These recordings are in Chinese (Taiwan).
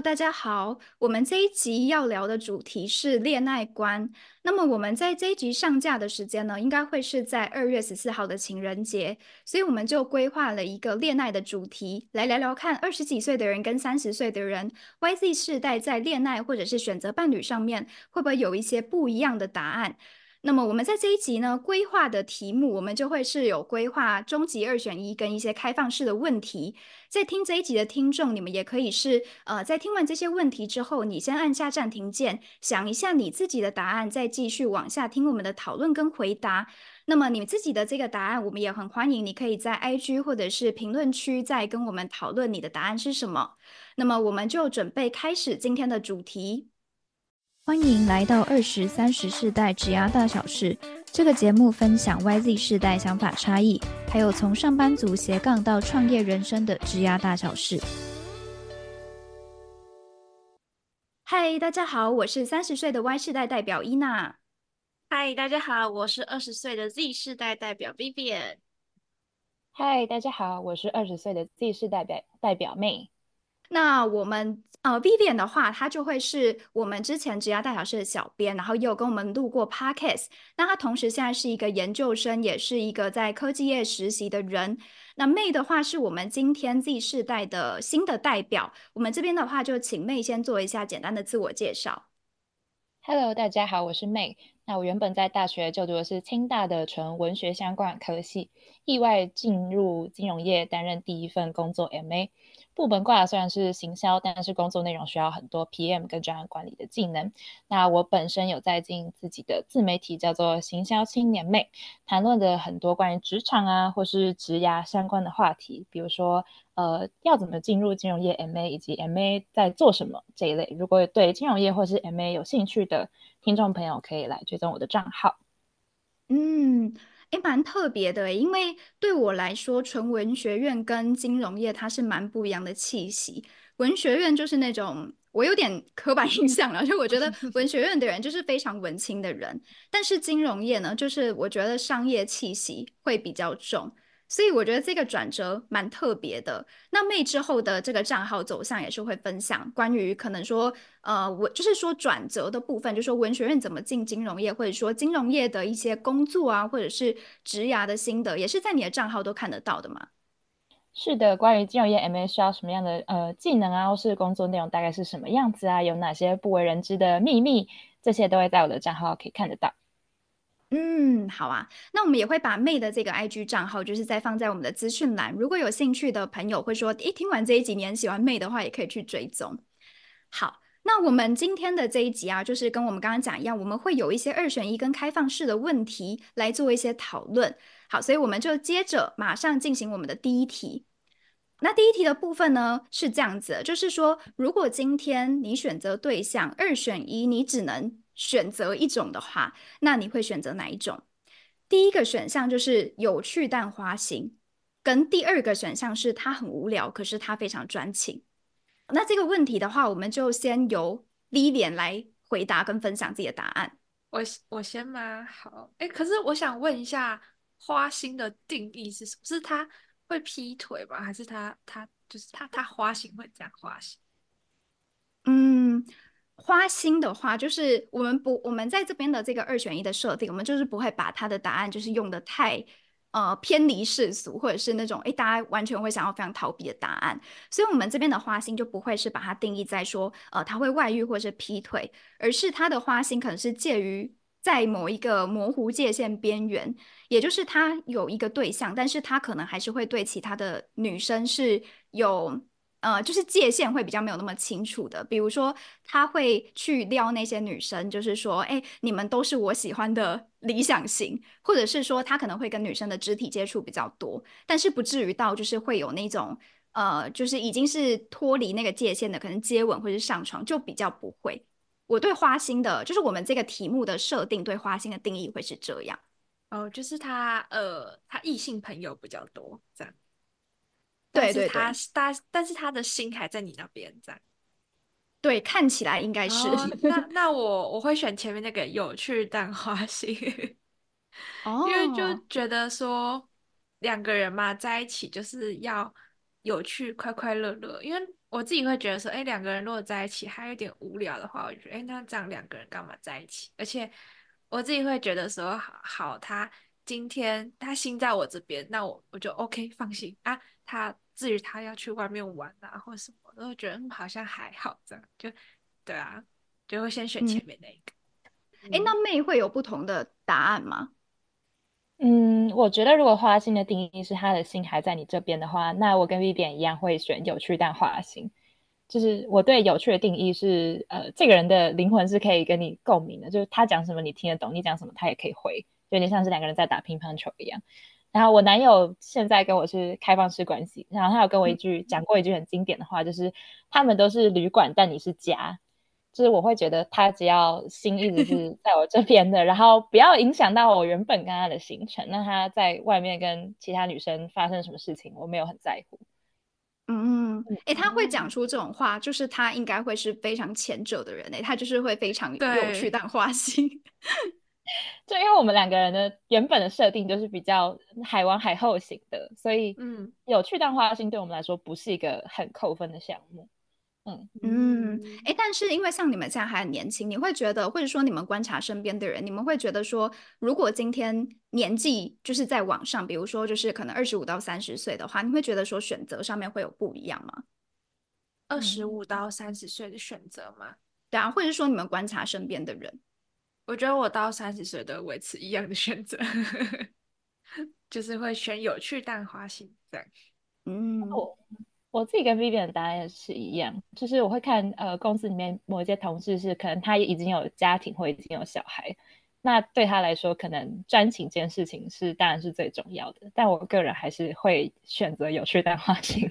大家好，我們這一集要聊的主題是戀愛觀。那麼我們在這一集上架的時間呢，應該會是在二月十四號的情人節，所以我們就規劃了一個戀愛的主題，來聊聊看二十幾歲的人跟三十歲的人，Y Z 世代在戀愛或者是選擇伴侶上面，會不會有一些不一樣的答案？那麼我們在這一集呢規劃的題目，我們就會是有規劃終極二選一跟一些開放式的問題。在聽這一集的聽眾，你們也可以是呃在聽完這些問題之後，你先按下暫停鍵，想一下你自己的答案，再繼續往下聽我們的討論跟回答。那麼你們自己的這個答案，我們也很歡迎你可以在 IG 或者是評論區再跟我們討論你的答案是什麼。那麼我們就準備開始今天的主題。歡迎來到二十三十世代職涯大小室。這個節目分享 Y Z 世代想法差異，還有從上班族斜槓到創業人生的職涯大小室。嗨，大家好，我是三十歲的 Y 世代代表伊娜。嗨，大家好，我是二十歲的 Z 世代代表 Vivian。嗨，大家好，我是二十歲的 Z 世代代表代表 May。那我們呃，Vivian 的話，他就會是我們之前職涯大小室的小編，然後又有跟我們錄過 Podcast。那他同時現在是一個研究生，也是一個在科技業實習的人。那 May 的話，是我們今天 Z 世代的新的代表。我們這邊的話，就請 May 先做一下簡單的自我介紹。Hello，大家好，我是 May。那我原本在大學就讀的是清大的純文學相關科系，意外進入金融業擔任第一份工作 M A。部門掛雖然是行銷，但是工作內容需要很多 P M 跟專業管理的技能。那我本身有在進自己的自媒體，叫做“行銷青年 May”，談論的很多關於職場啊，或是職涯相關的話題，比如說，呃，要怎麼進入金融業 M A 以及 M A 在做什麼這一類。如果對金融業或是 M A 有興趣的，聽眾朋友可以來追蹤我的賬號。嗯，哎、欸，蠻特別的欸，因為對我來說，純文學院跟金融業它是蠻不一樣的氣息。文學院就是那種我有點刻板印象了，就我覺得文學院的人就是非常文青的人， 但是金融業呢，就是我覺得商業氣息會比較重。所以我覺得這個轉折蠻特別的。那 May 之後的這個賬號走向也是會分享，關於可能說，呃，我就是說轉折的部分，就是說文學院怎麼進金融業，或者說金融業的一些工作啊，或者是職涯的心得，也是在你的賬號都看得到的嗎？是的，關於金融業 MA 需要什麼樣的呃技能啊，或是工作內容大概是什麼樣子啊，有哪些不為人知的秘密，這些都會在我的賬號可以看得到。嗯，好啊，那我們也會把 May 的這個 IG 賬號，就是再放在我們的資訊欄。如果有興趣的朋友，會說，誒，聽完這一集，你很喜歡 May 的話，也可以去追蹤。好，那我們今天的這一集啊，就是跟我們剛剛講一樣，我們會有一些二選一跟開放式的問題來做一些討論。好，所以我們就接着馬上進行我們的第一題。那第一題的部分呢，是這樣子，就是說，如果今天你選擇對象二選一，你只能。選擇一種的話，那你會選擇哪一種？第一個選項就是有趣但花心，跟第二個選項是他很無聊，可是他非常專情。那這個問題的話，我們就先由 Lilian 來回答跟分享自己的答案。我我先嗎？好，哎，可是我想問一下，花心的定義是什麼？是他會劈腿嗎？還是他他就是他他花心會這樣花心？嗯。花心的話，就是我們不，我們在這邊的這個二選一的設定，我們就是不會把他的答案就是用得太，呃，偏離世俗或者是那種，誒，大家完全會想要非常逃避的答案。所以，我們這邊的花心就不會是把它定義在說，呃，他會外遇或者是劈腿，而是他的花心可能是介於在某一個模糊界限邊緣，也就是他有一個對象，但是他可能還是會對其他的女生是有。呃，就是界限會比較沒有那麼清楚的，比如說他會去撩那些女生，就是說，哎、欸，你們都是我喜歡的理想型，或者是說他可能會跟女生的肢體接觸比較多，但是不至於到就是會有那種呃，就是已經是脫離那個界限的，可能接吻或者是上床就比較不會。我對花心的，就是我們這個題目的設定對花心的定義會是這樣，哦、呃，就是他呃，他異性朋友比較多這樣。但是他對對，對他但是他的心還在你那邊，這樣對，看起來應該是。Oh, 那那我我會選前面那個有趣但花心哦， oh. 因為就覺得說，兩個人嘛，在一起就是要有趣，快快樂樂。因為我自己會覺得說，哎，兩個人如果在一起還有點無聊的話，我覺得哎，那這樣兩個人幹嘛在一起？而且我自己會覺得說，好，他今天他心在我這邊，那我我就 OK，放心啊，他。至於他要去外面玩啊，或者什麼，我都覺得好像還好這樣，就對啊，就會先選前面那一個。哎、嗯欸，那 May 會有不同的答案嗎？嗯，我覺得如果花心的定義是他的心還在你這邊的話，那我跟 Vivian 一樣會選有趣但花心。就是我對有趣的定義是，呃，這個人的靈魂是可以跟你共鳴的，就是他講什麼你聽得懂，你講什麼他也可以回，就有點像是兩個人在打乒乓球一樣。然後我男友現在跟我是開放式關係，然後他有跟我一句、嗯、講過一句很經典的話，就是他們都是旅館，但你是家。就是我會覺得他只要心一直是在我這邊的， 然後不要影響到我原本跟他的行程。那他在外面跟其他女生發生什麼事情，我沒有很在乎。嗯，哎、嗯欸，他會講出這種話，就是他應該會是非常前者的人誒，他就是會非常有趣但花心。就因為我們兩個人的原本的設定就是比較海王海後型的，所以嗯，有趣但花心，對我們來說不是一個很扣分的項目。嗯嗯，哎、欸，但是因為像你們現在還很年輕，你會覺得，或者說你們觀察身邊的人，你們會覺得說，如果今天年紀就是在網上，比如說就是可能二十五到三十歲的話，你會覺得說選擇上面會有不一樣嗎？二十五到三十歲的選擇嗎、嗯？對啊，或者說你們觀察身邊的人，我覺得我到三十歲都維持一樣的選擇， 就是會選有趣但花心這樣。嗯，我我自己跟 Vivian 的答案是一樣，就是我會看呃公司裡面某一些同事是可能他已經有家庭或已經有小孩，那對他來說可能專情這件事情是當然是最重要的。但我個人還是會選擇有趣但花心。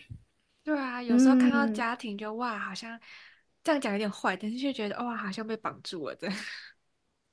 對啊，有時候看到家庭就、嗯、哇，好像這樣講有點壞，但是就覺得哇，好像被綁住了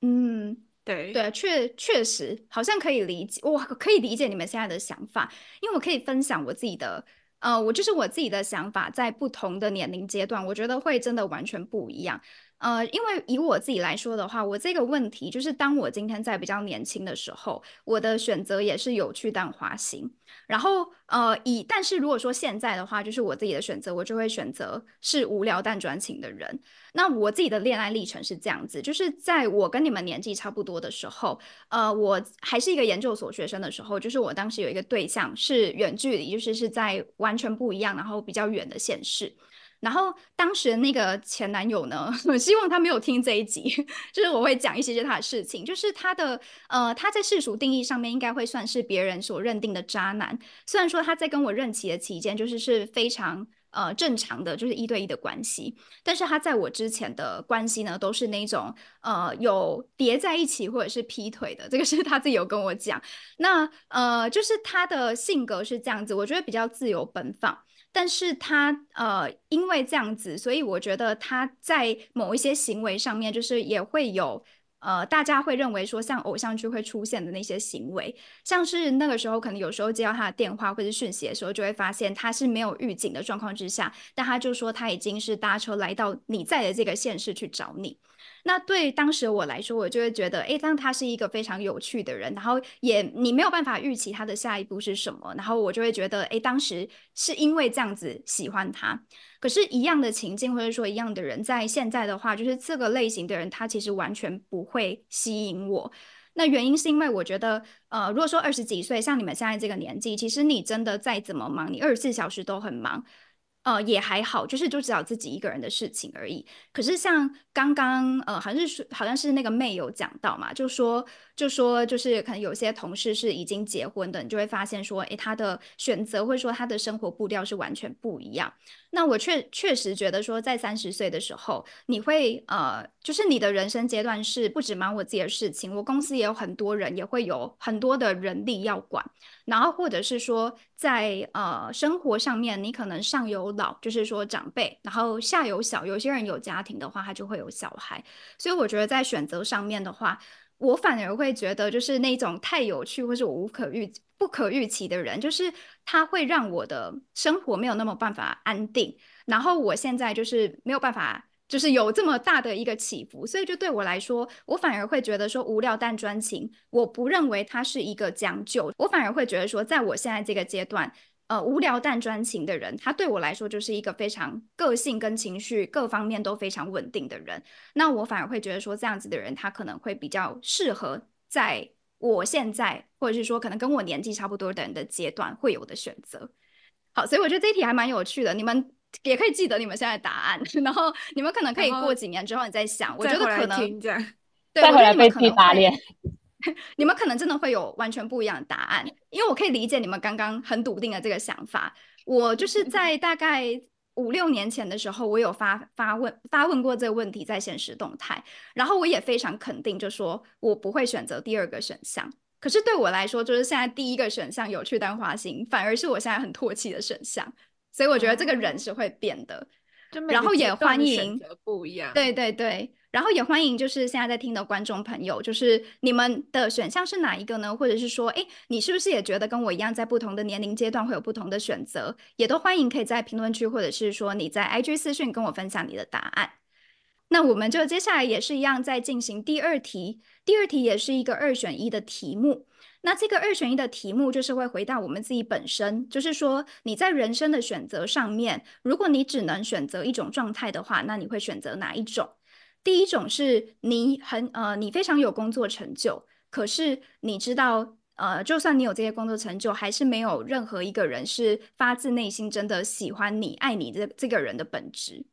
嗯，對對，確確實好像可以理解，我可以理解你們現在的想法，因為我可以分享我自己的，呃，我就是我自己的想法，在不同的年齡階段，我覺得會真的完全不一樣。呃，因為以我自己來說的話，我這個問題就是，當我今天在比較年輕的時候，我的選擇也是有趣但花心，然後呃，以但是如果說現在的話，就是我自己的選擇，我就會選擇是無聊但專情的人。那我自己的戀愛歷程是這樣子，就是在我跟你們年紀差不多的時候，呃，我還是一個研究所學生的時候，就是我當時有一個對象是遠距離，就是是在完全不一樣，然後比較遠的縣市。然後當時那個前男友呢，我希望他沒有聽這一集，就是我會講一些些他的事情，就是他的呃，他在世俗定義上面應該會算是別人所認定的渣男。雖然說他在跟我認識的期間，就是是非常呃正常的就是一對一的關係，但是他在我之前的關係呢，都是那種呃有疊在一起或者是劈腿的，這個是他自己有跟我講。那呃就是他的性格是這樣子，我覺得比較自由奔放。但是他呃，因為這樣子，所以我覺得他在某一些行為上面，就是也會有呃，大家會認為說，像偶像劇會出現的那些行為，像是那個時候可能有時候接到他的電話或者是訊息的時候，就會發現他是沒有預警的狀況之下，但他就說他已經是搭車來到你在的這個縣市去找你。那對當時我來說，我就會覺得，欸，當他是一個非常有趣的人，然後也你沒有辦法預期他的下一步是什麼，然後我就會覺得，欸，當時是因為這樣子喜歡他。可是，一樣的情境或者說一樣的人，在現在的話，就是這個類型的人，他其實完全不會吸引我。那原因是因為我覺得，呃，如果說二十幾歲，像你們現在這個年紀，其實你真的再怎麼忙，你二十四小時都很忙。呃，也還好，就是就只有自己一個人的事情而已。可是像剛剛，呃，好像是好像是那個 May 有講到嘛，就說。就說，就是可能有些同事是已經結婚的，你就會發現說，誒，他的選擇會說他的生活步調是完全不一樣。那我確確實覺得說，在三十歲的時候，你會呃，就是你的人生階段是不止忙我自己的事情，我公司也有很多人，也會有很多的人力要管。然後或者是說在，在呃生活上面，你可能上有老，就是說長輩，然後下有小，有些人有家庭的話，他就會有小孩。所以我覺得在選擇上面的話。我反而會覺得，就是那種太有趣或是我無可預不可預期的人，就是他會讓我的生活沒有那麼辦法安定。然後我現在就是沒有辦法，就是有這麼大的一個起伏。所以就對我來說，我反而會覺得說無聊但專情。我不認為他是一個將就，我反而會覺得說，在我現在這個階段。呃，無聊但專情的人，他對我來說就是一個非常個性跟情緒各方面都非常穩定的人。那我反而會覺得說，這樣子的人他可能會比較適合在我現在，或者是說可能跟我年紀差不多的人的階段會有的選擇。好，所以我覺得這題還蠻有趣的。你們也可以記得你們現在的答案，然後你們可能可以過幾年之後你再想。我覺得可能，對，我覺得你們可能。 你們可能真的會有完全不一樣的答案，因為我可以理解你們剛剛很篤定的這個想法。我就是在大概五六年前的時候，我有發發問發問過這個問題，在現實動態，然後我也非常肯定，就說我不會選擇第二個選項。可是對我來說，就是現在第一個選項有趣但花心，反而是我現在很唾棄的選項。所以我覺得這個人是會變的，然後也歡迎選擇不一樣。對對對。然後也歡迎，就是現在在聽的觀眾朋友，就是你們的選項是哪一個呢？或者是說，哎，你是不是也覺得跟我一樣，在不同的年齡階段會有不同的選擇？也都歡迎可以在評論區，或者是說你在 IG 私訊跟我分享你的答案。那我們就接下來也是一樣在進行第二題，第二題也是一個二選一的題目。那這個二選一的題目就是會回到我們自己本身，就是說你在人生的選擇上面，如果你只能選擇一種狀態的話，那你會選擇哪一種？第一種是你很呃，你非常有工作成就，可是你知道，呃，就算你有這些工作成就，還是沒有任何一個人是發自內心真的喜歡你、愛你這這個人的本質。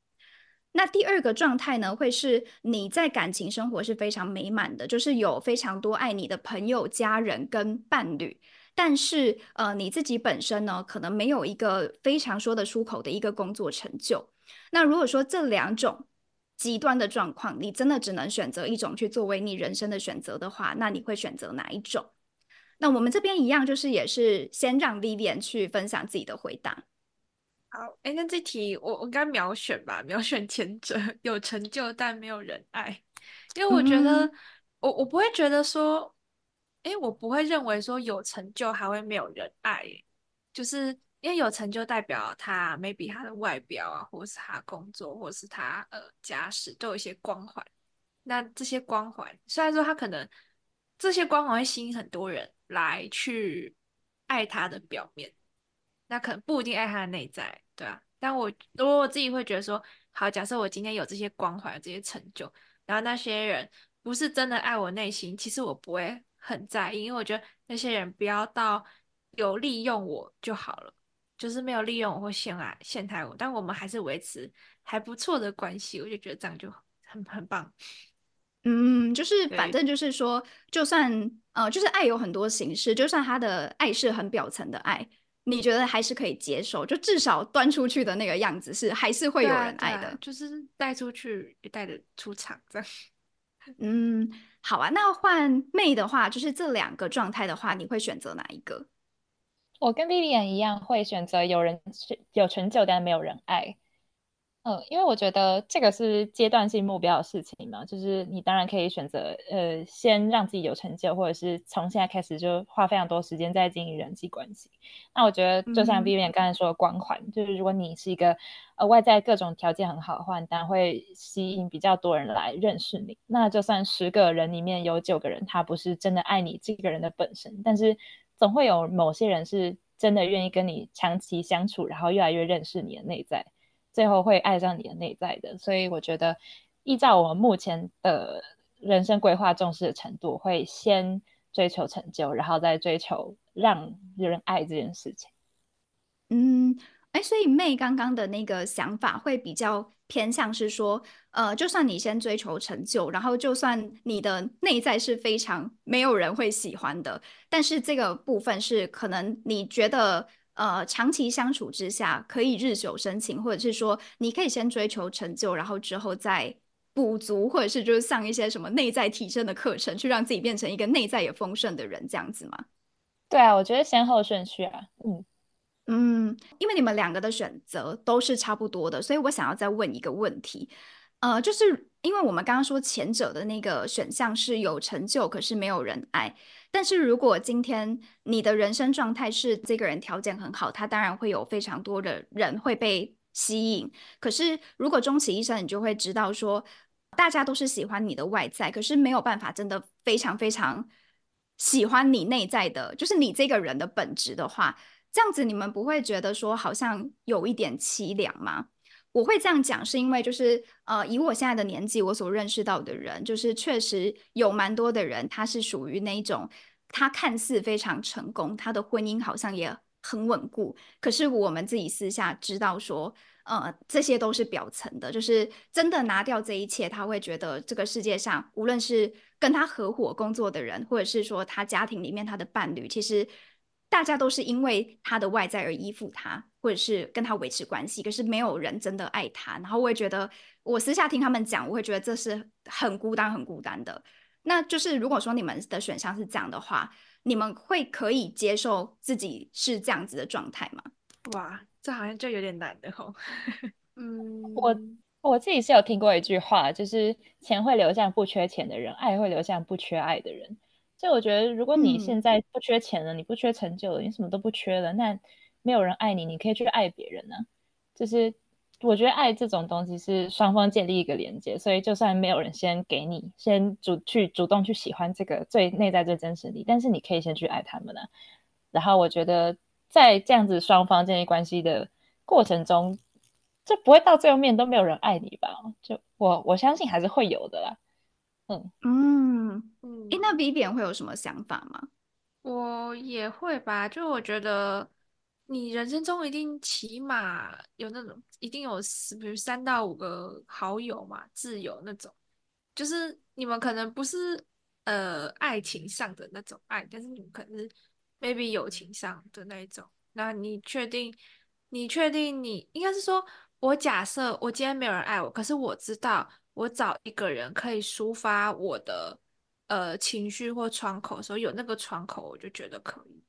那第二個狀態呢，會是你在感情生活是非常美滿的，就是有非常多愛你的朋友、家人跟伴侶，但是呃，你自己本身呢，可能沒有一個非常說得出口的一個工作成就。那如果說這兩種，極端的狀況，你真的只能選擇一種去作為你人生的選擇的話，那你會選擇哪一種？那我們這邊一樣，就是也是先讓 Vivian 去分享自己的回答。好，欸、那這題我我應該秒選吧，秒選前者，有成就但沒有人愛，因為我覺得、嗯、我我不會覺得說，哎、欸，我不會認為說有成就還會沒有人愛，就是。因為有成就代表他，maybe 他的外表啊，或是他工作，或是他呃家世，都有一些光環。那這些光環雖然說他可能這些光環會吸引很多人來去愛他的表面，那可能不一定愛他的內在，對啊。但我如果我自己會覺得說，好，假設我今天有這些光環、這些成就，然後那些人不是真的愛我內心，其實我不會很在意，因為我覺得那些人不要到有利用我就好了。就是沒有利用我或陷害陷害我，但我們還是維持還不錯的關係，我就覺得這樣就很很棒。嗯，就是反正就是說，就算呃，就是愛有很多形式，就算他的愛是很表層的愛，你覺得還是可以接受，就至少端出去的那個樣子是還是會有人愛的。啊啊、就是帶出去也帶的出場這樣。嗯，好啊，那換妹的話，就是這兩個狀態的話，你會選擇哪一個？我跟 Vivian 一樣，會選擇有人有成就，但是沒有人愛。嗯、呃，因為我覺得這個是階段性目標的事情嘛，就是你當然可以選擇，呃，先讓自己有成就，或者是從現在開始就花非常多時間在經營人際關係。那我覺得，就像 Vivian 剛才說的光環、嗯、就是如果你是一個呃外在各種條件很好的話，當然會吸引比較多人來認識你。那就算十個人裡面有九個人，他不是真的愛你這個人的本身，但是。總會有某些人是真的願意跟你長期相處，然後越來越認識你的內在，最後會愛上你的內在的。所以我覺得，依照我們目前呃人生規劃重視的程度，會先追求成就，然後再追求讓人愛這件事情。嗯，誒，所以 May 剛剛的那個想法會比較。偏向是說，呃，就算你先追求成就，然後就算你的內在是非常沒有人會喜歡的，但是這個部分是可能你覺得，呃，長期相處之下可以日久生情，或者是說你可以先追求成就，然後之後再補足，或者是就是上一些什麼內在提升的課程，去讓自己變成一個內在也豐盛的人，這樣子嗎？對啊，我覺得先後順序啊，嗯。嗯，因為你們兩個的選擇都是差不多的，所以我想要再問一個問題，呃，就是因為我們剛剛說，前者的那個選項是有成就，可是沒有人愛。但是如果今天你的人生狀態是這個人條件很好，他當然會有非常多的人會被吸引。可是如果終其一生，你就會知道說，大家都是喜歡你的外在，可是沒有辦法真的非常非常喜歡你內在的，就是你這個人的本質的話。這樣子你們不會覺得說，好像有一點淒涼嗎？我會這樣講是因為就是呃，以我現在的年紀，我所認識到的人，就是確實有蠻多的人，他是屬於那一種，他看似非常成功，他的婚姻好像也很穩固，可是我們自己私下知道說，呃，這些都是表層的，就是真的拿掉這一切，他會覺得這個世界上無論是跟他合夥工作的人，或者是說他家庭裡面他的伴侶，其實。大家都是因為他的外在而依附他，或者是跟他維持關係，可是沒有人真的愛他。然後我也覺得，我私下聽他們講，我會覺得這是很孤單、很孤單的。那就是如果說你們的選項是這樣的話，你們會可以接受自己是這樣子的狀態嗎？哇，這好像就有點難的吼、哦。嗯， 我我自己是有聽過一句話，就是錢會流向不缺錢的人，愛會流向不缺愛的人。所以我覺得，如果你現在不缺錢了、嗯，你不缺成就了，你什麼都不缺了，那沒有人愛你，你可以去愛別人呢、啊。就是我覺得愛這種東西是雙方建立一個連接，所以就算沒有人先給你，先主去主動去喜歡這個最內在最真實的你，但是你可以先去愛他們呢、啊。然後我覺得在這樣子雙方建立關係的過程中，就不會到最後面都沒有人愛你吧？就我我相信還是會有的啦。哦、嗯，嗯嗯，哎，那 B B 會有什麼想法嗎？我也會吧，就我覺得你人生中一定起碼有那種，一定有十，比如三到五個好友嘛，摯友那種，就是你們可能不是呃愛情上的那種愛，但是你們可能是 maybe 友情上的那一種。那你確定？你確定你？你應該是說，我假設我今天沒有人愛我，可是我知道。我找一個人可以抒發我的呃情緒或窗口，所以有那個窗口，我就覺得可以，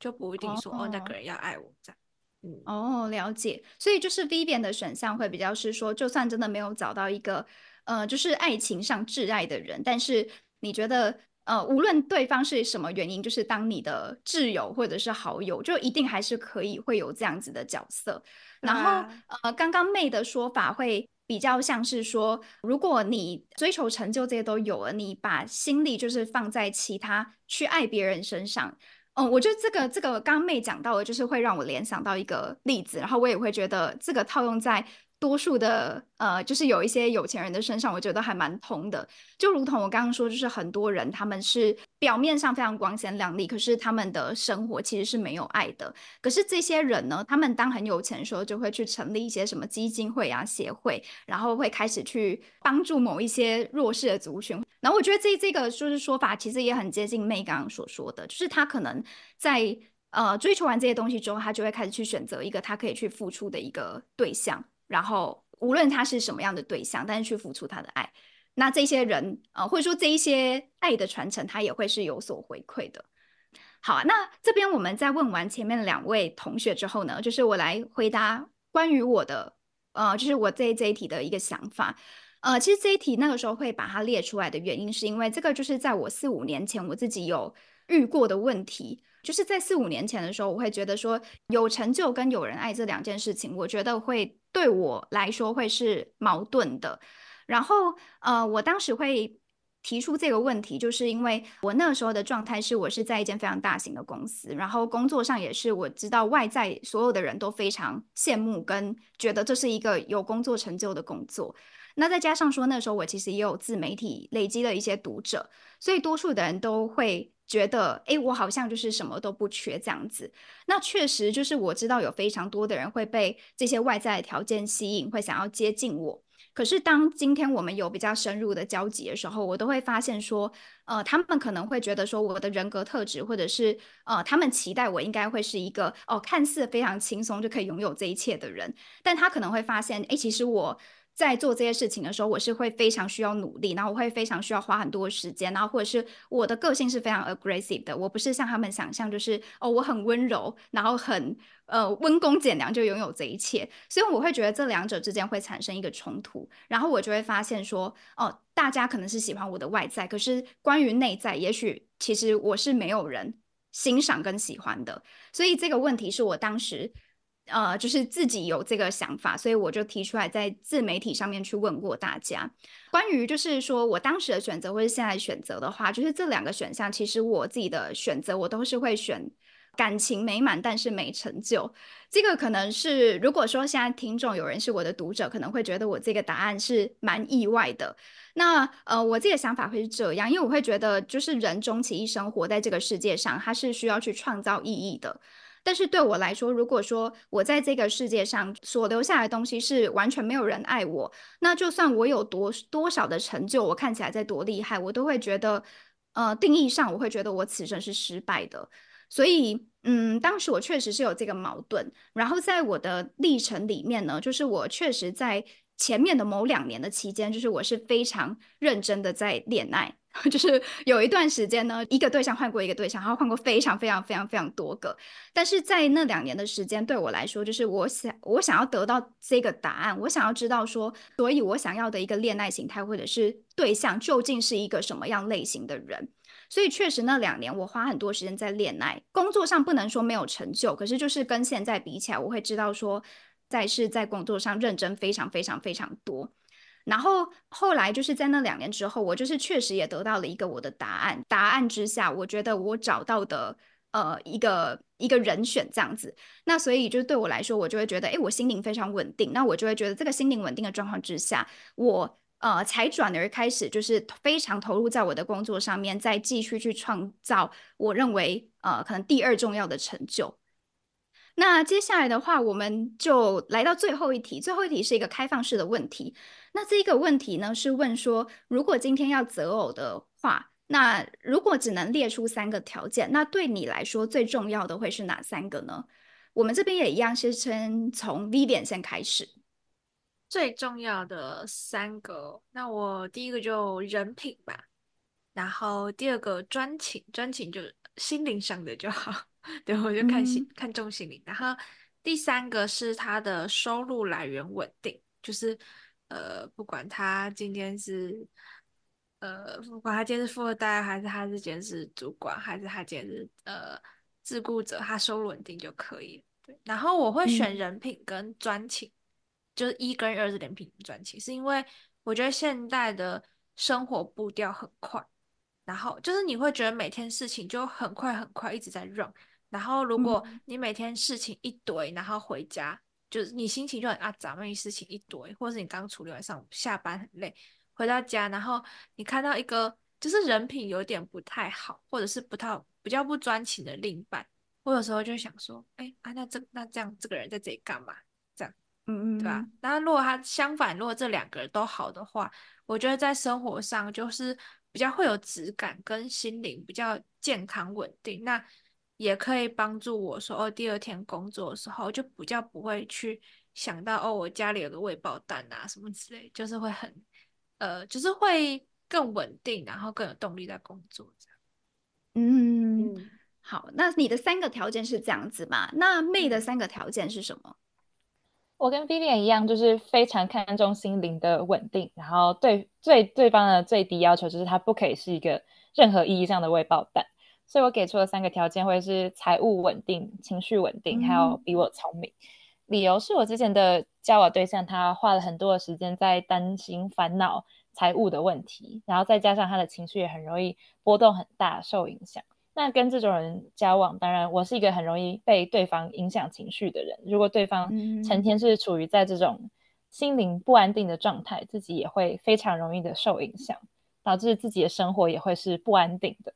就不一定說、哦 oh. 那個人要愛我這樣。嗯，哦，了解。所以就是 Vivian 的選項會比較是說，就算真的沒有找到一個呃，就是愛情上摯愛的人，但是你覺得呃，無論對方是什麼原因，就是當你的摯友或者是好友，就一定還是可以會有這樣子的角色。啊、然後呃，剛剛 May 的說法會。比較像是說，如果你追求成就這些都有了，你把心力就是放在其他去愛別人身上。嗯，我覺得這個這個剛剛妹講到的，就是會讓我聯想到一個例子，然後我也會覺得這個套用在。多數的呃，就是有一些有錢人的身上，我覺得還蠻通的。就如同我剛剛說，就是很多人他們是表面上非常光鮮亮麗，可是他們的生活其實是沒有愛的。可是這些人呢，他們當很有錢的時候，就會去成立一些什麼基金會啊、協會，然後會開始去幫助某一些弱勢的族群。然後我覺得這這個就是說法，其實也很接近 May 剛剛所說的，就是他可能在呃追求完這些東西之後，他就會開始去選擇一個他可以去付出的一個對象。然後，無論他是什麼樣的對象，但是去付出他的愛，那這些人，呃，或者說，這一些愛的傳承，他也會是有所回饋的。好啊，那這邊我們再問完前面兩位同學之後呢，就是我來回答關於我的，呃，就是我這一這一題的一個想法。呃，其實，這一題那個時候會把它列出來的原因，是因為這個就是在我四五年前我自己有遇過的問題。就是在四五年前的時候，我會覺得說有成就跟有人愛這兩件事情，我覺得會對我來說會是矛盾的。然後，呃，我當時會提出這個問題，就是因為我那時候的狀態是我是在一間非常大型的公司，然後工作上也是我知道外在所有的人都非常羨慕跟覺得這是一個有工作成就的工作。那再加上說那時候我其實也有自媒體累積了一些讀者，所以多數的人都會。覺得欸，我好像就是什麼都不缺這樣子。那確實就是我知道有非常多的人會被這些外在條件吸引，會想要接近我。可是當今天我們有比較深入的交集的時候，我都會發現說，呃，他們可能會覺得說我的人格特質，或者是呃，他們期待我應該會是一個哦，看似非常輕鬆就可以擁有這一切的人。但他可能會發現，欸，其實我在做這些事情的時候，我是會非常需要努力，然後我會非常需要花很多時間，然後或者是我的個性是非常 aggressive 的，我不是像他們想象，就是哦，我很溫柔，然後很呃溫恭儉良就擁有這一切，所以我會覺得這兩者之間會產生一個衝突，然後我就會發現說哦，大家可能是喜歡我的外在，可是關於內在，也許其實我是沒有人欣賞跟喜歡的，所以這個問題是我當時。呃，就是自己有這個想法，所以我就提出來在自媒體上面去問過大家，關於就是說我當時的選擇或是現在選擇的話，就是這兩個選項，其實我自己的選擇我都是會選感情美滿，但是沒成就。這個可能是如果說現在聽眾有人是我的讀者，可能會覺得我這個答案是蠻意外的。那呃，我自己的想法會是這樣，因為我會覺得就是人終其一生活在這個世界上，他是需要去創造意義的。但是對我來說，如果說我在這個世界上所留下的東西是完全沒有人愛我，那就算我有多多少的成就，我看起來在多厲害，我都會覺得，呃，定義上我會覺得我此生是失敗的。所以，嗯，當時我確實是有這個矛盾。然後在我的歷程裡面呢，就是我確實在前面的某兩年的期間，就是我是非常認真的在戀愛。 就是有一段時間呢，一個對象換過一個對象，然後換過非常非常非常非常多個。但是在那兩年的時間，對我來說，就是我想我想要得到這個答案，我想要知道說，所以我想要的一個戀愛形態或者是對象究竟是一個什麼樣類型的人。所以確實那兩年我花很多時間在戀愛，工作上不能說沒有成就，可是就是跟現在比起來，我會知道說在，在是在工作上認真非常非常非常多。然後後來就是在那兩年之後，我就是確實也得到了一個我的答案。答案之下，我覺得我找到的呃一個一個人選這樣子。那所以就對我來說，我就會覺得，誒，我心靈非常穩定。那我就會覺得這個心靈穩定的狀況之下，我呃才轉而開始就是非常投入在我的工作上面，再繼續去創造我認為呃可能第二重要的成就。那接下來的話，我們就來到最後一題。最後一題是一個開放式的問題。那這一個問題呢，是問說，如果今天要擇偶的話，那如果只能列出三個條件，那對你來說最重要的會是哪三個呢？我們這邊也一樣，先先從 Vivian 先開始。最重要的三個，那我第一個就人品吧，然後第二個專情，專情就心靈上的就好，對，我就看心，mm -hmm. 看重心靈。然後第三個是他的收入來源穩定，就是。呃，不管他今天是，呃，不管他今天是富二代，還是他是兼職主管，還是他兼職呃自雇者，他收入穩定就可以。對，然後我會選人品跟專情，嗯、就是一跟二是跟人品專情，是因為我覺得現代的生活步調很快，然後就是你會覺得每天事情就很快很快一直在 run，然後如果你每天事情一堆，然後回家。嗯就是你心情就很阿雜。萬一事情一堆，或者是你剛處理完上下班很累，回到家，然後你看到一個就是人品有點不太好，或者是不太比較不專情的另一半，我有時候就想說，哎啊，那這那這樣這個人在這裡幹嘛？這樣，嗯，對吧？然、嗯嗯、如果他相反，如果這兩個人都好的話，我覺得在生活上就是比較會有質感跟心靈比較健康穩定。那也可以幫助我說哦，第二天工作的時候就比較不會去想到哦，我家裡有個未爆彈啊什麼之類，就是會很呃，就是會更穩定，然後更有動力在工作這樣。嗯，好，那你的三個條件是這樣子嗎？那 May 的三個條件是什麼？我跟 Vivian 一樣，就是非常看重心靈的穩定，然後對對對方的最低要求就是他不可以是一個任何意義上的未爆彈。所以我給出了三個條件，會是財務穩定、情緒穩定，還有比我聰明。嗯。理由是我之前的交往對象，他花了很多的時間在擔心、煩惱財務的問題，然後再加上他的情緒也很容易波動很大，受影響。那跟這種人交往，當然我是一個很容易被對方影響情緒的人。如果對方成天是處於在這種心靈不安定的狀態，嗯。自己也會非常容易的受影響，導致自己的生活也會是不安定的。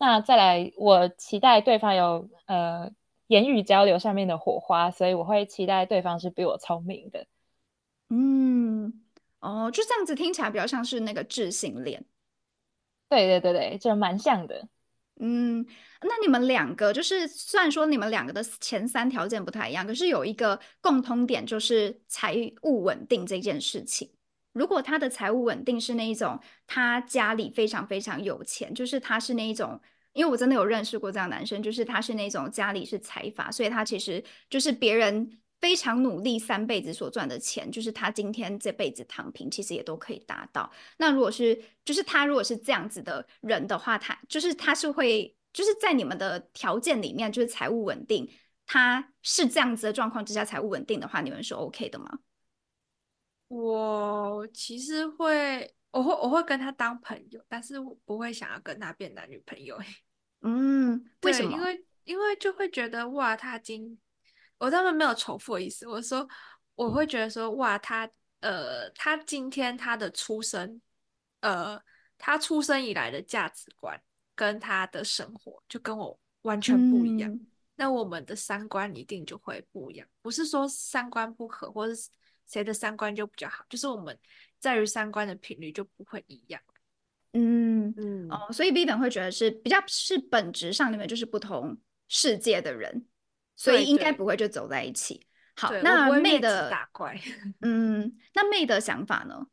那再來，我期待對方有呃言語交流上面的火花，所以我會期待對方是比我聰明的。嗯，哦，就這樣子聽起來比較像是那個智性戀。對對對對，就蠻像的。嗯，那你們兩個就是雖然說你們兩個的前三條件不太一樣，可是有一個共通點就是財務穩定這件事情。如果他的財務穩定是那一種，他家裡非常非常有錢，就是他是那一種，因為我真的有認識過這樣的男生，就是他是那種家裡是財閥，所以他其實就是別人非常努力三輩子所賺的錢，就是他今天這輩子躺平其實也都可以達到。那如果是就是他如果是這樣子的人的話，他就是他是會就是在你們的條件裡面，就是財務穩定，他是這樣子的狀況之下財務穩定的話，你們是 OK 的嗎？我其實會，我會我會跟他當朋友，但是我不會想要跟他變男女朋友。嗯，對，為什麼？因為因為就會覺得哇，他今我當然沒有仇富的意思。我說我會覺得說哇，他呃，他今天他的出生，呃，他出生以來的價值觀跟他的生活就跟我完全不一樣。嗯，那我們的三觀一定就會不一樣，不是說三觀不合，或者是。誰的三觀就比較好，就是我們在於三觀的頻率就不會一樣。嗯嗯哦，所以 Vivian 會覺得是比較是本質上裡面就是不同世界的人。對對對，所以應該不會就走在一起。好，那妹的，打怪，嗯，那妹的想法呢？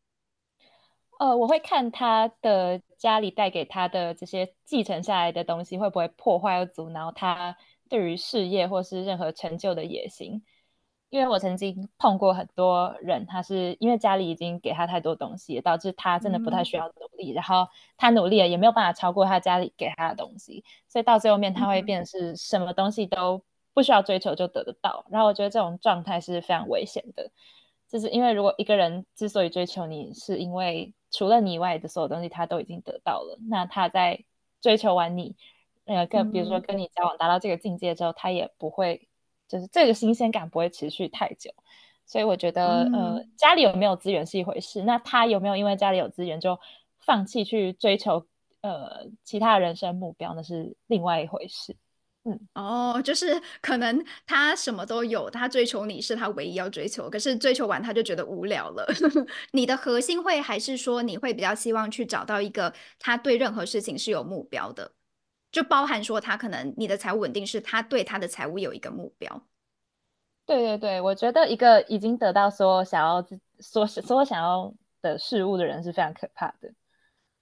呃，我會看她的家裡帶給他的這些繼承下來的東西，會不會破壞又阻撓她對於事業或是任何成就的野心。因為我曾經碰過很多人，他是因為家裡已經給他太多東西，導致他真的不太需要努力，嗯，然後他努力了也沒有辦法超過他家裡給他的東西，所以到最後面他會變是什麼東西都不需要追求就得得到。嗯、然後我覺得這種狀態是非常危險的，就是因為如果一個人之所以追求你，是因為除了你以外的所有東西他都已經得到了，那他在追求完你，呃，更比如說跟你交往達到這個境界之後，嗯、他也不會。就是這個新鮮感不會持續太久，所以我覺得，嗯、呃，家裡有沒有資源是一回事，那他有沒有因為家裡有資源就放棄去追求，呃，其他人生目標那是另外一回事。嗯，哦，就是可能他什麼都有，他追求你是他唯一要追求，可是追求完他就覺得無聊了。 你的核心會還是說你會比較希望去找到一個他對任何事情是有目標的。就包含說，他可能你的財務穩定是他對他的財務有一個目標。對對對，我覺得一個已經得到所有想要，所所有想要的事物的人是非常可怕的。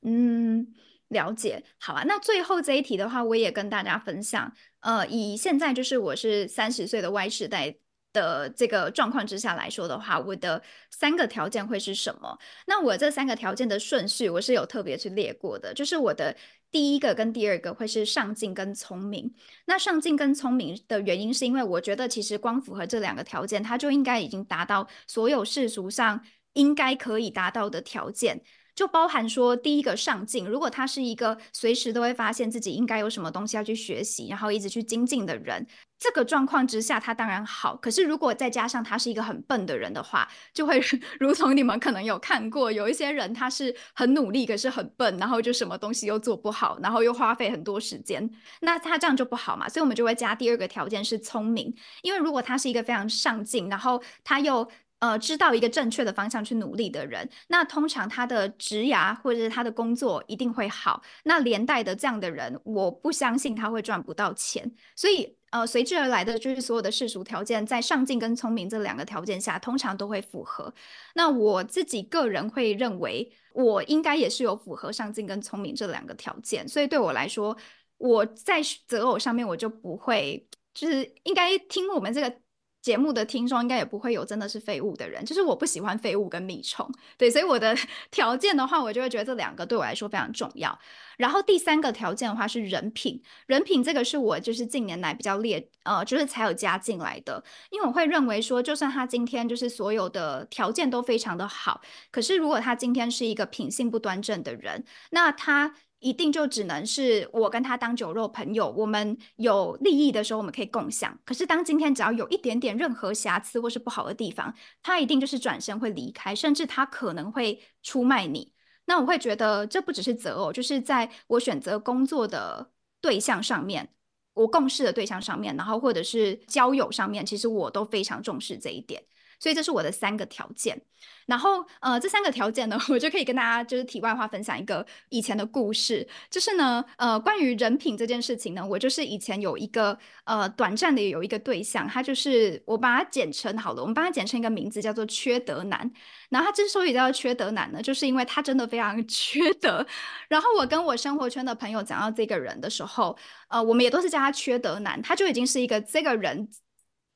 嗯，了解。好啊，那最後這一題的話，我也跟大家分享。呃，以現在就是我是三十歲的 Y 世代。的這個狀況之下來說的話，我的三個條件會是什麼？那我這三個條件的順序我是有特別去列過的，就是我的第一個跟第二個會是上進跟聰明。那上進跟聰明的原因是因為我覺得其實光符合這兩個條件，它就應該已經達到所有世俗上應該可以達到的條件。就包含說第一個上進，如果他是一個隨時都會發現自己應該有什麼東西要去學習，然後一直去精進的人，這個狀況之下他當然好。可是如果再加上他是一個很笨的人的話，就會如同你們可能有看過，有一些人他是很努力，可是很笨，然後就什麼東西又做不好，然後又花費很多時間，那他這樣就不好嘛。所以我們就會加第二個條件是聰明，因為如果他是一個非常上進，然後他又。呃，知道一個正確的方向去努力的人，那通常他的職涯或者是他的工作一定會好。那連帶的這樣的人，我不相信他會賺不到錢。所以，呃，隨之而來的就是所有的世俗條件，在上進跟聰明這兩個條件下，通常都會符合。那我自己個人會認為，我應該也是有符合上進跟聰明這兩個條件。所以對我來說，我在擇偶上面我就不會，就是應該聽我們這個。節目的聽眾應該也不會有真的是廢物的人，就是我不喜歡廢物跟米蟲，對，所以我的條件的話，我就會覺得這兩個對我來說非常重要。然後第三個條件的話是人品，人品這個是我就是近年來比較列呃、就是才有加進來的，因為我會認為說，就算他今天就是所有的條件都非常的好，可是如果他今天是一個品性不端正的人，那他一定就只能是我跟他當酒肉朋友，我們有利益的時候，我們可以共享。可是當今天只要有一點點任何瑕疵，或是不好的地方，他一定就是轉身會離開，甚至他可能會出賣你。那我會覺得，這不只是擇偶，就是在我選擇工作的對象上面，我共事的對象上面，然後或者是交友上面，其實我都非常重視這一點。所以這是我的三個條件，然後呃這三個條件呢，我就可以跟大家就是題外話分享一個以前的故事，就是呢呃關於人品這件事情呢，我就是以前有一個呃短暫的有一個對象，他就是我把他簡稱好了，我們把他簡稱一個名字叫做缺德男。然後他之所以叫缺德男呢，就是因為他真的非常缺德。然後我跟我生活圈的朋友講到這個人的時候，呃我們也都是叫他缺德男，他就已經是一個這個人。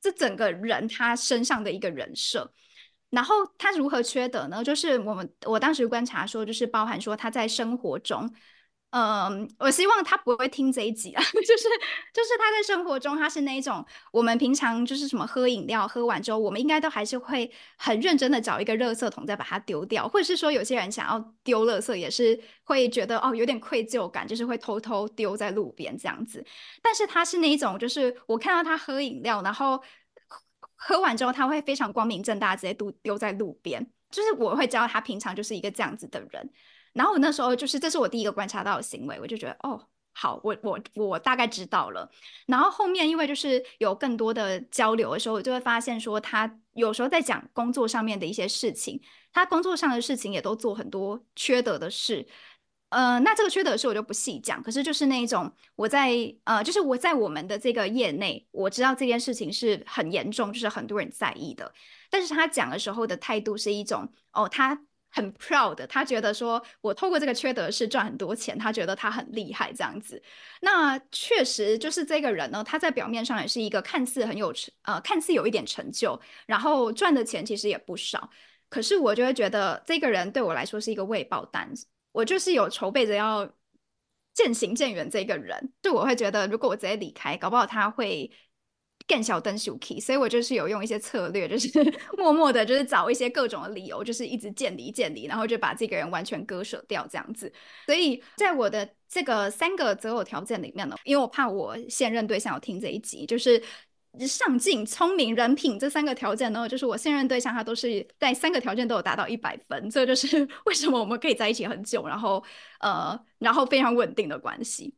這整個人他身上的一個人設，然後他如何缺德呢？就是我們我當時觀察說，就是包含說他在生活中。嗯，我希望他不會聽這一集啊。就是，就是他在生活中，他是那一種，我們平常就是什麼喝飲料喝完之後，我們應該都還是會很認真的找一個垃圾桶再把它丟掉，或者是說有些人想要丟垃圾也是會覺得哦有點愧疚感，就是會偷偷丟在路邊這樣子。但是他是那一種，就是我看到他喝飲料，然後喝完之後他會非常光明正大直接丟丟在路邊，就是我會知道他平常就是一個這樣子的人。然後我那時候就是，這是我第一個觀察到的行為，我就覺得哦，好，我我我大概知道了。然後後面因為就是有更多的交流的時候，我就會發現說，他有時候在講工作上面的一些事情，他工作上的事情也都做很多缺德的事。呃，那這個缺德的事我就不細講，可是就是那一種我在呃，就是我在我們的這個業內，我知道這件事情是很嚴重，就是很多人在意的。但是他講的時候的態度是一種哦，他。很 proud 的，他覺得說，我透過這個缺德事賺很多錢，他覺得他很厲害這樣子。那確實就是這個人呢，他在表面上也是一個看似很有成呃，看似有一點成就，然後賺的錢其實也不少。可是我就會覺得這個人對我來說是一個未爆彈，我就是有籌備着要漸行漸遠這個人。就我會覺得，如果我直接離開，搞不好他會。更小登熟 k，所以我就是有用一些策略，就是默默的，就是找一些各種的理由，就是一直見離見離，然後就把這個人完全割舍掉這樣子。所以在我的這個三個擇偶條件裡面呢，因為我怕我現任對象有聽這一集，就是上進、聰明、人品這三個條件呢，就是我現任對象他都是在三個條件都有達到一百分，這就是為什麼我們可以在一起很久，然後呃，然後非常穩定的關係。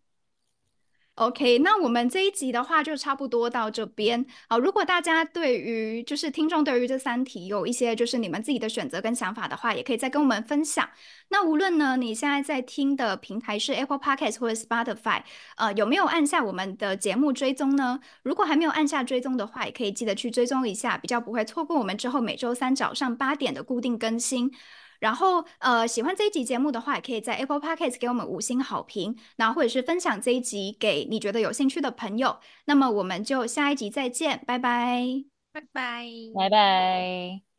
OK，那我們這一集的話就差不多到這邊。好，啊，如果大家對於就是聽眾對於這三題有一些就是你們自己的選擇跟想法的話，也可以再跟我們分享。那無論呢你現在在聽的平台是 Apple Podcast 或者 Spotify，呃，有沒有按下我們的節目追蹤呢？如果還沒有按下追蹤的話，也可以記得去追蹤一下，比較不會錯過我們之後每周三早上八點的固定更新。然後，呃，喜歡這一集節目的話，也可以在 Apple Podcast 給我們五星好評，然後或者是分享這一集給你覺得有興趣的朋友。那麼，我們就下一集再見，拜拜，拜拜，拜拜。拜拜。